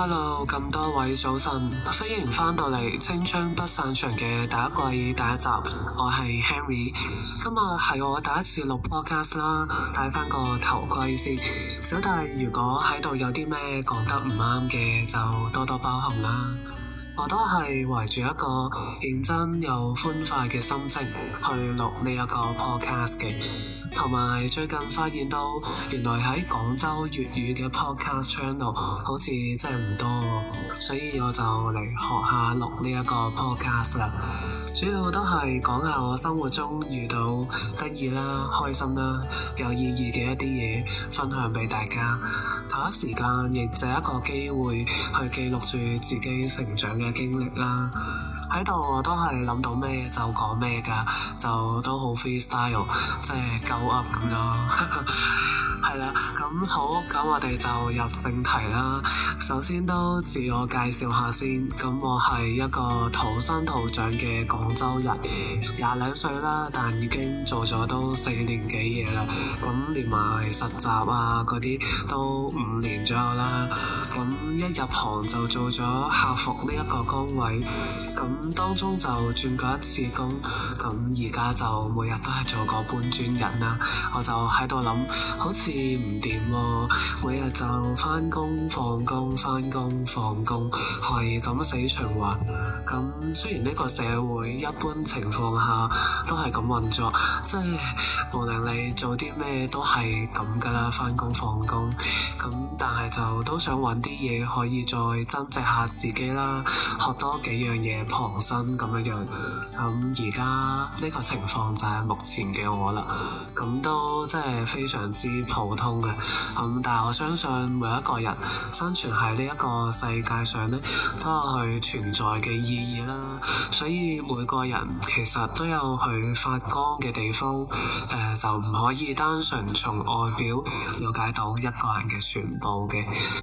Hello，咁多位早晨，歡迎返到嚟《青春不散場》嘅第一季第一集，我係 Henry，今日係我第一次錄 podcast 啦，戴翻個頭盔先，小弟如果喺度有啲咩講得唔啱嘅，就多多包涵啦。我都係懷住一個認真又歡快嘅心情去錄呢一個 podcast 嘅，同埋最近發現到原來喺廣州粵語嘅 podcast channel 好似真係唔多，所以我就嚟學下錄呢一個 podcast 啦。主要都係講下我生活中遇到得意啦、開心啦、有意義嘅一啲嘢，分享俾大家。同一時間亦借一個機會去記錄住自己成長嘅經歷啦，喺度我都係諗到咩就講咩㗎，就都好 freestyle，即係夠噏咁咯。 係啦，咁好，咁我哋就入正題啦。首先都自我介紹下先，咁我係一個土生土長嘅廣州人，廿兩歲啦，但已經做咗都四年幾嘢啦。咁連埋實習啊嗰啲都五年左右啦。咁一入行就做咗客服呢一個崗位，咁當中就轉過一次工，咁而家就每日都係做個搬磚人啦。我就喺度諗，好似～唔掂每日就翻工放工翻工放工，係咁死循環。咁雖然呢個社會一般情況下都係咁運作，即係無論你做啲咩都係咁噶啦，翻工放工。咁但係就都想搵啲嘢可以再增值下自己啦，學多幾樣嘢傍身咁樣樣。咁而家呢個情況就係目前嘅我啦，咁都即係非常之普。普通嘅，咁、嗯、但係我相信每一個人生存喺呢一個世界上呢，都有佢存在嘅意義啦。所以每個人其實都有佢發光嘅地方，誒、呃、就唔可以單純從外表了解到一個人嘅全部嘅。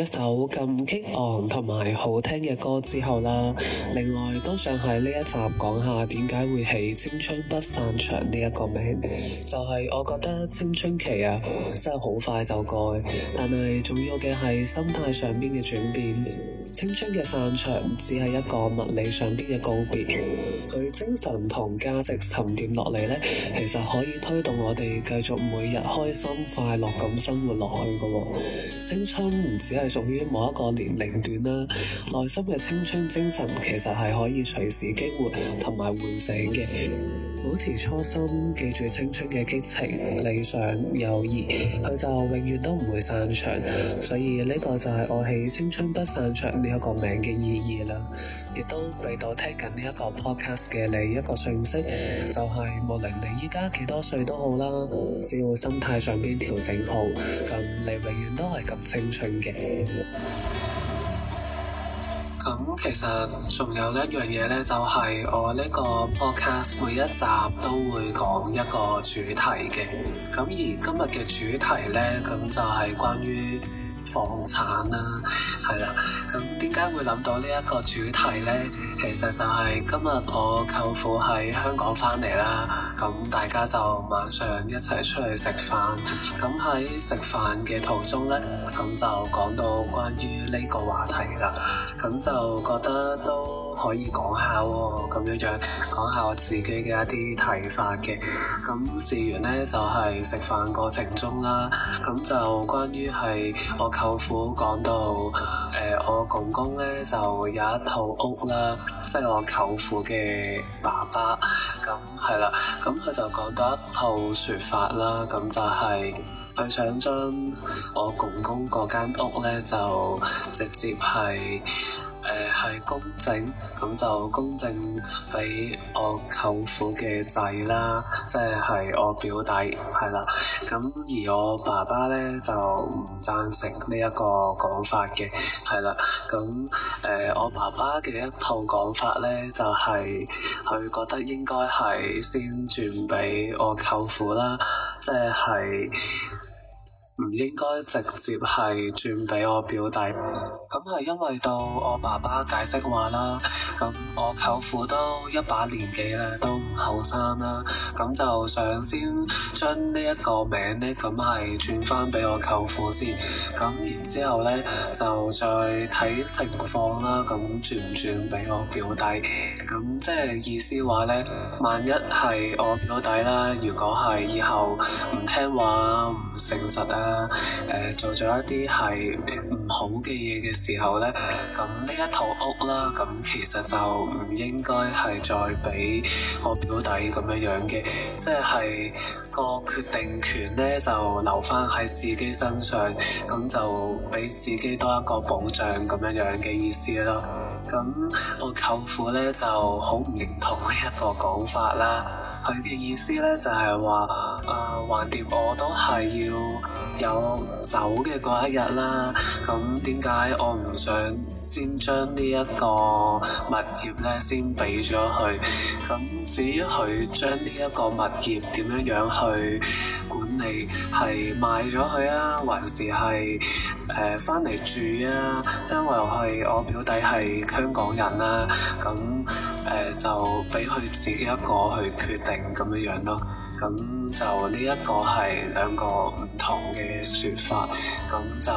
一首咁激昂同埋好聽嘅歌之後啦，另外都想喺呢一集講下點解會起青春不散場呢一個名，就係、是、我覺得青春期啊真係好快就過，但係重要嘅係心態上邊嘅轉變。青春嘅散場只係一個物理上邊嘅告別，佢精神同價值沉澱落嚟咧，其實可以推動我哋繼續每日開心快樂咁生活落去噶。青春唔只係。屬於某一個年齡段啦，內心嘅青春精神其實係可以隨時激活同埋喚醒嘅。保持初心，記住青春嘅激情、理想、友誼，佢就永遠都唔會散場。所以呢個就係我起《青春不散場》呢一個名嘅意義啦。亦都俾到聽緊呢一個 podcast 嘅你一個訊息，就係無論你依家幾多歲都好啦，只要心態上邊調整好，咁你永遠都係咁青春嘅。其實仲有一樣嘢呢，就係我呢個 podcast 每一集都會講一個主題嘅。咁而今日嘅主題呢，咁就係關於。房產啦、啊，係啦，咁點解會諗到呢一個主題呢？其實就係今日我舅父喺香港返嚟啦，咁大家就晚上一齊出去食飯，咁喺食飯嘅途中呢，咁就講到關於呢個話題啦，咁就覺得都可以講下喎、哦，咁樣樣講下我自己嘅一啲睇法嘅。咁事然事緣呢，就係、是、食飯過程中啦，咁就關於係我舅父講到誒、呃，我公公呢就有一套屋啦，即係我舅父嘅爸爸。咁係啦，咁佢就講到一套説法啦，咁就係佢想將我公公嗰間屋呢，就直接係。係公正，咁就公正俾我舅父嘅仔啦，即係我表弟，係啦。咁而我爸爸呢，就唔贊成呢一個講法嘅，係啦。咁誒、呃，我爸爸嘅一套講法呢，就係，佢覺得應該係先轉俾我舅父啦，即係。唔應該直接係轉俾我表弟，咁係因為到我爸爸解釋話啦，咁我舅父都一把年紀啦，都唔後生啦，咁就想先將呢一個名呢，咁係轉翻俾我舅父先，咁然之後呢就再睇情況啦，咁轉唔轉俾我表弟，咁即係意思話呢，萬一係我表弟啦，如果係以後唔聽話唔誠實啊。誒、呃，做咗一啲係唔好嘅嘢嘅時候呢，咁、呃、呢一套屋啦，咁其實就唔應該係再俾我表弟咁樣樣嘅，即係個決定權呢就留翻喺自己身上，咁就俾自己多一個保障咁樣樣嘅意思咯。咁我舅父呢就好唔認同呢一個講法啦，佢嘅意思呢就係話誒，橫、呃、掂我都係要。有走嘅嗰一日啦，咁點解我唔想先將呢一個物業咧先俾咗佢？咁至於佢將呢一個物業點樣樣去管理，係賣咗佢啊，還是係誒返嚟住啊？即係因為係我表弟係香港人啦，咁誒、呃、就俾佢自己一個去決定咁樣樣咯。咁就呢一個係兩個唔同嘅説法，咁就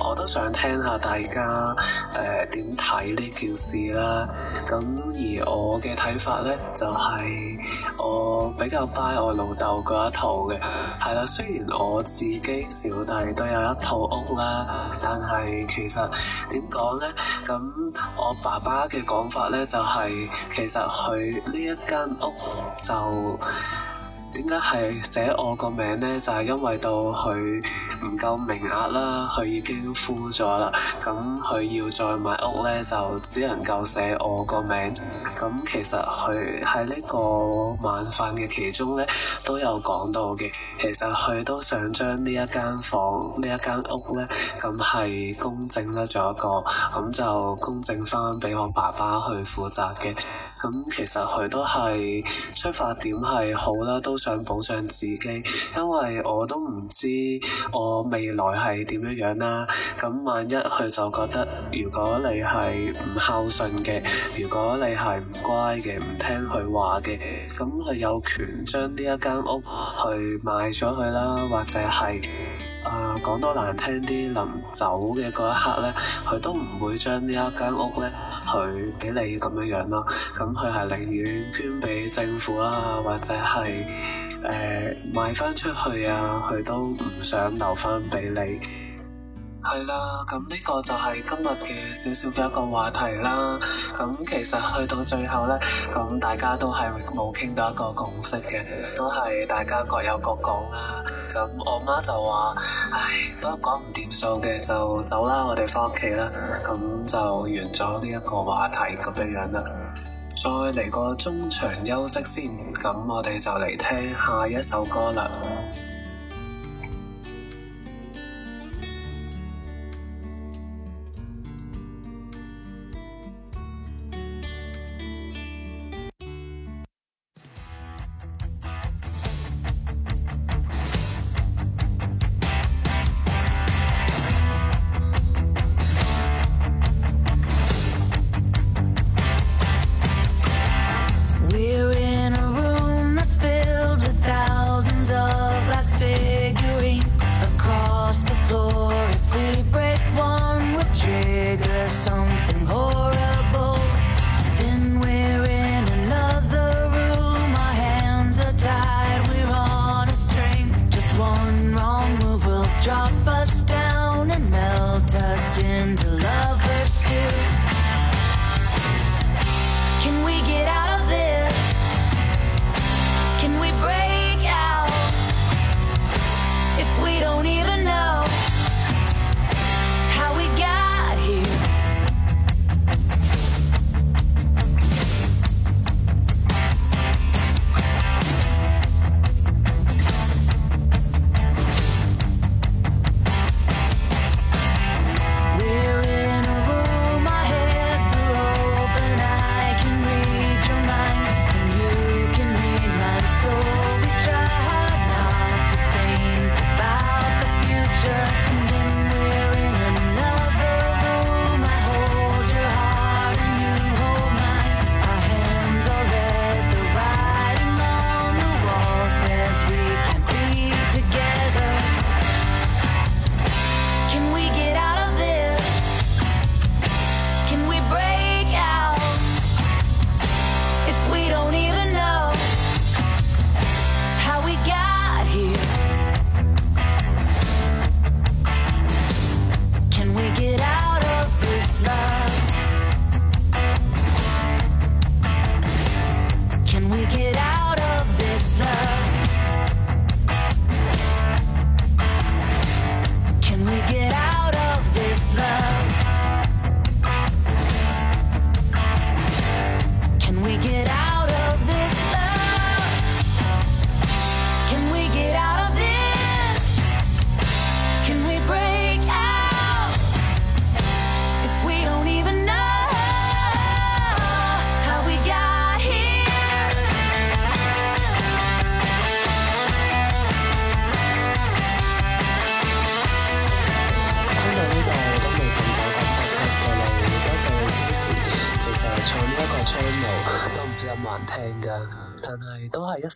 我都想聽下大家誒點睇呢件事啦。咁而我嘅睇法呢，就係我比較 buy 我老豆嗰一套嘅，係啦。雖然我自己小弟都有一套屋啦。但係其實點講呢？咁我爸爸嘅講法呢，就係其實佢呢一間屋就。點解係寫我個名咧？就係、是、因為到佢唔夠名額啦，佢已經負咗啦。咁佢要再買屋咧，就只能夠寫我個名。咁其實佢喺呢個晚飯嘅其中咧，都有講到嘅。其實佢都想將呢一間房、一間呢一間屋咧，咁係公證啦，仲有一個，咁就公證翻俾我爸爸去負責嘅。咁其實佢都係出發點係好啦，都。想保障自己，因為我都唔知我未來係點樣樣啦。咁萬一佢就覺得，如果你係唔孝順嘅，如果你係唔乖嘅，唔聽佢話嘅，咁佢有權將呢一間屋去賣咗佢啦，或者係。啊，講多難聽啲，臨走嘅嗰一刻咧，佢都唔會將呢一間屋咧，佢俾你咁樣樣咯。咁佢係寧願捐俾政府啊，或者係誒賣翻出去啊，佢都唔想留翻俾你。係 啦，咁呢個就係今日嘅少少嘅一個話題啦。咁其實去到最後咧，咁大家都係冇傾到一個共識嘅，都係大家各有各講啦。咁我媽就話，唉，都講唔掂數嘅，就走啦，我哋翻屋企啦，咁就完咗呢一個話題咁樣樣啦。再嚟個中場休息先，咁我哋就嚟聽下一首歌啦。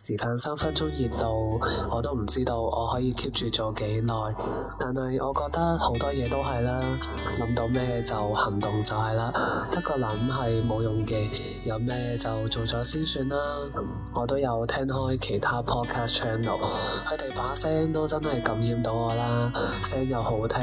時間三分鐘熱度，我都唔知道我可以 keep 住做幾耐。但係我覺得好多嘢都係啦，諗到咩就行動就係啦，得個諗係冇用嘅，有咩就做咗先算啦。我都有聽開其他 podcast channel，佢哋把聲都真係感染到我啦，聲又好聽，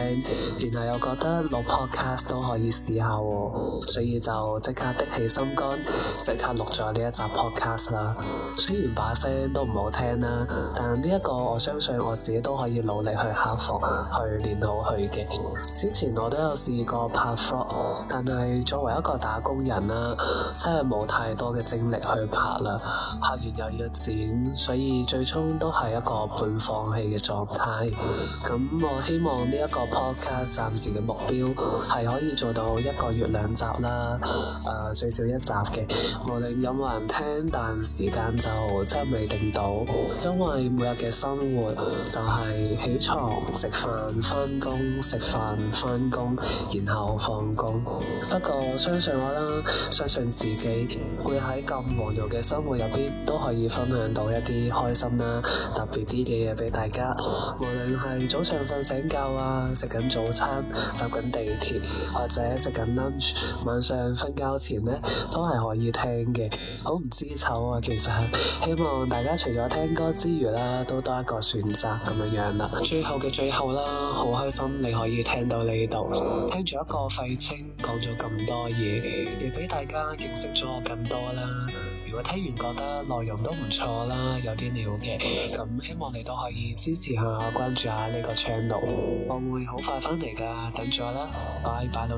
然後又覺得錄 podcast 都可以試下喎、喔，所以就即刻的起心肝，即刻錄咗呢一集 podcast 啦。雖然把聲～都唔好聽啦，但呢一個我相信我自己都可以努力去克服，去練好佢嘅。之前我都有試過拍 vlog，但係作為一個打工人啦，真係冇太多嘅精力去拍啦，拍完又要剪，所以最終都係一個半放棄嘅狀態。咁、嗯、我希望呢一個 podcast 暫時嘅目標係可以做到一個月兩集啦，誒、呃、最少一集嘅。無論有冇人聽，但時間就真係未定到，因為每日嘅生活就係起床食飯，翻工，食飯，翻工，然後放工。不過相信我啦，相信自己會喺咁忙碌嘅生活入邊都可以分享到一啲開心啦、特別啲嘅嘢俾大家。無論係早上瞓醒覺啊、食緊早餐、搭緊地鐵或者食緊 lunch，晚上瞓覺前咧都係可以聽嘅。好唔知醜啊，其實希望。大家除咗聽歌之餘啦，都多一個選擇咁樣樣啊啦。最後嘅最後啦，好開心你可以聽到呢度，聽咗一個廢青講咗咁多嘢，亦俾大家認識咗我咁多啦。如果聽完覺得內容都唔錯啦，有啲料嘅，咁希望你都可以支持下我，關注下呢個 channel，我會好快翻嚟噶，等咗啦，拜拜，到